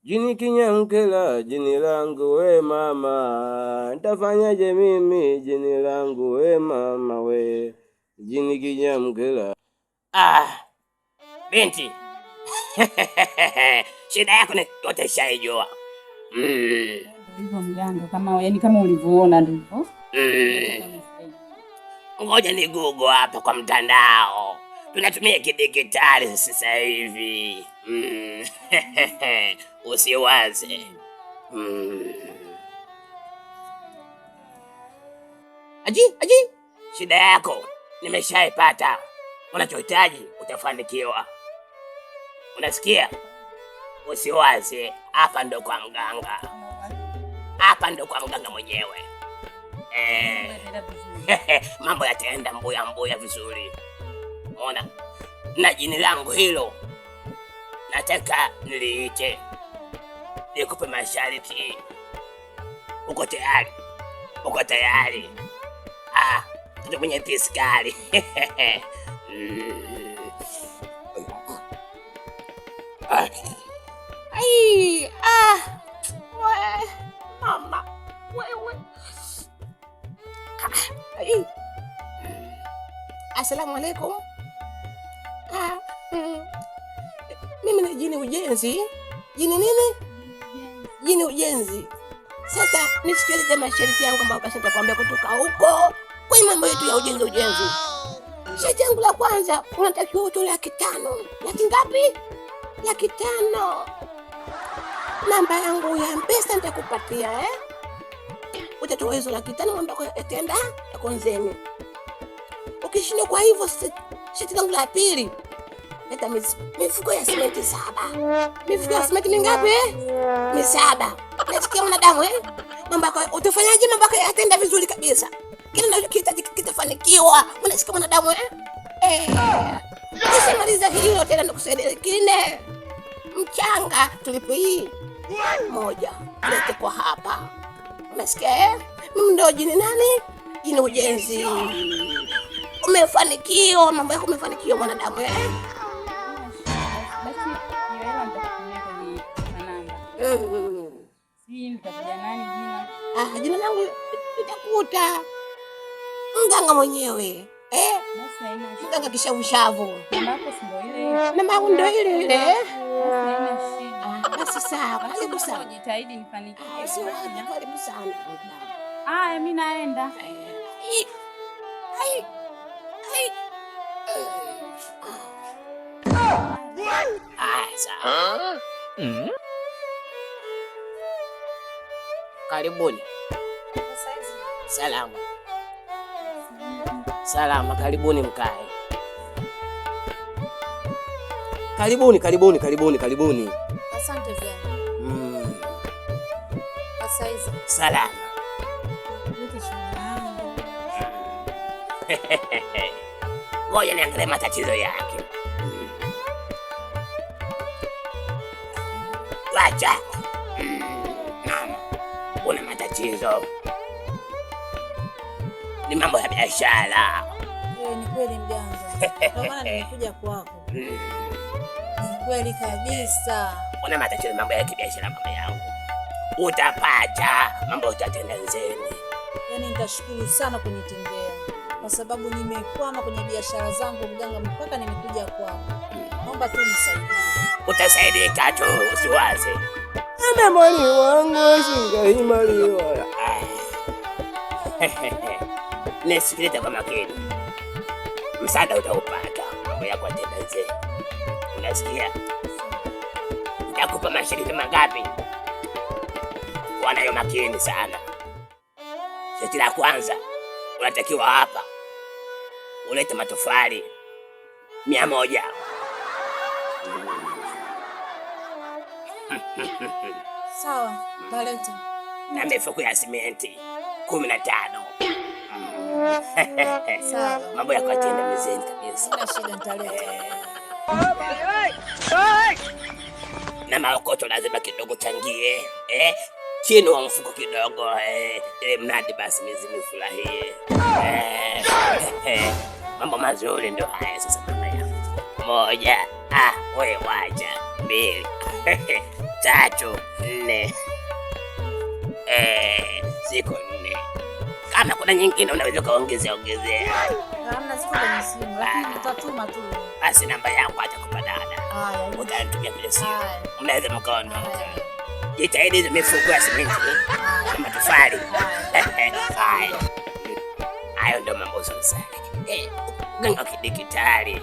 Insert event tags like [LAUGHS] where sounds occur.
Jini Kinyankela, jini langu we mama, ntafanyaje mimi jini langu we mama we, jini Kinyankela. Ah, binti [LAUGHS] shida yako ni yote shaijua hivyo mganga, kama yani kama ulivyoona ndivyo. Mm. Ngoja ni Google hapa kwa mtandao tunatumia kidigitali sasa hivi mm. [LAUGHS] Usiwaze mm. Aji, aji, shida yako nimeshaipata. Unachohitaji utafanikiwa, unasikia? Usiwaze, hapa ndo kwa mganga, hapa ndo kwa mganga mwenyewe eh. [LAUGHS] Mambo yataenda mbuya mbuya vizuri. Ona, na jini langu hilo nataka niliite nikupe mashariki. Uko tayari? Uko tayari? Ah, tuko kwenye piskari [LAUGHS] ah. Ai, ah. Ah, alaikum mimi ni jini ujenzi. Jini nini? Jini ujenzi. Sasa nisikilize masharti yangu ambayo kasha nitakwambia kutoka huko kwenye mambo yetu ya ujenzi ujenzi. Sharti yangu la kwanza, unatakiwa utoe laki tano. Laki ngapi? Laki tano. Namba yangu ya Mpesa nitakupatia eh? Utatoa hizo laki tano ambako itaenda Konzeni. Nashindwa kwa hivyo shati langu la pili. Leta mifuko ya simenti saba. Mifuko ya simenti mingapi eh? Ni Misaba. Nasikia mwanadamu eh? Mambo yako utafanyaje? Mambo yako yatenda vizuri kabisa. Kile unachohitaji kitafanikiwa. Unasikia mwanadamu eh? Eh. Sasa maliza hilo tena nakusaidia kingine. Mchanga tulipo hii. Moja. Leta kwa hapa. Unasikia eh? Mimi ndio jini nani? Jini ujenzi umefanikiwa, mambo yako umefanikiwa, mwanadamu eh? Ah, jina langu itakuta mganga mwenyewe eh? Mganga kishavushavu, mama yangu ndo ile ile. Eh? Basi sawa, karibu sana, jitahidi nifanikiwe. Ah, karibu sana. mimi naenda. Eh. Sawa. Mm. Karibuni. Salama. Salama, karibuni mkae. Karibuni, karibuni, karibuni, karibuni. Asante vyema. Mm. Asaiza. Salama. [LAUGHS] Ngoja niangalie matatizo yake. kifaa mama, kuna matatizo, ni mambo ya biashara. Ni kweli mganga, [LAUGHS] maana nimekuja kwako. Mm. Ni kweli kabisa, kuna matatizo, mambo ya kibiashara. Mama yangu, utapata mambo, utatenda nzeni. Yaani nitashukuru sana kunitendea kwa sababu nimekwama kwenye biashara zangu mganga, mpaka nimekuja kwako. Naomba tu nisaidie. Utasaidika tu, usiwaze. Ana mali wangu singaimaliwa. [LAUGHS] Nisikiliza kwa makini, msaada utaupata. Mambo yako atendeze, unasikia? Nitakupa mashirika mangapi? Wanayo makini sana. Shati la kwanza unatakiwa hapa ulete matofali mia moja. Sawa, taleta na mifuko ya simenti kumi na tano. Mambo yako yataenda mezeni kabisa. Na maokoto lazima kidogo changie eh? chini wa mfuko kidogo eh, eh, mradi basi mizi nifurahie eh, eh, mambo mazuri ndio haya sasa. Mama yangu moja, ah, we waja mbili [LAUGHS] tatu nne, eh, siku nne. Kama kuna nyingine unaweza ukaongezea ongezea. Ah. Basi namba yangu atakupa dada, utanitumia vile simu, mnaweza mkaondoka jitahidi mifuko ya simenti na matofali. Haya, hayo ndio mambo mazuri sana. Gango kidijitali.